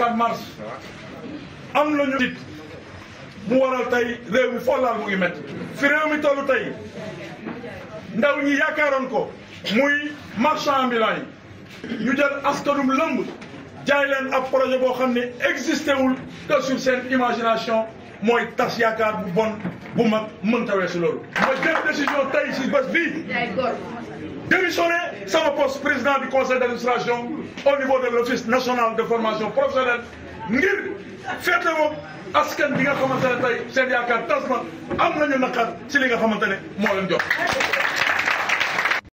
4 mars am nañu nit mu waral tey réew mi follaal mu ngi métti fi réew mi tollu tey ndaw ñi yaakaaroon ko muy marchand ambulant yi ñu jël askanum lëmb jaay leen ab projet boo xam ne existé wul que sur seen imagination mooy tas yaakaar bu bon bu mag mënta weesu loolu ma jël décision tey si bés bii démissionné sama poste président du conseil d' administration au niveau de l' office national de formation professionnelle ngir feete woo askan bi nga xamante ne tey seen yaakaar tas na am nañu naqar ci li nga xamante ne moo leen jox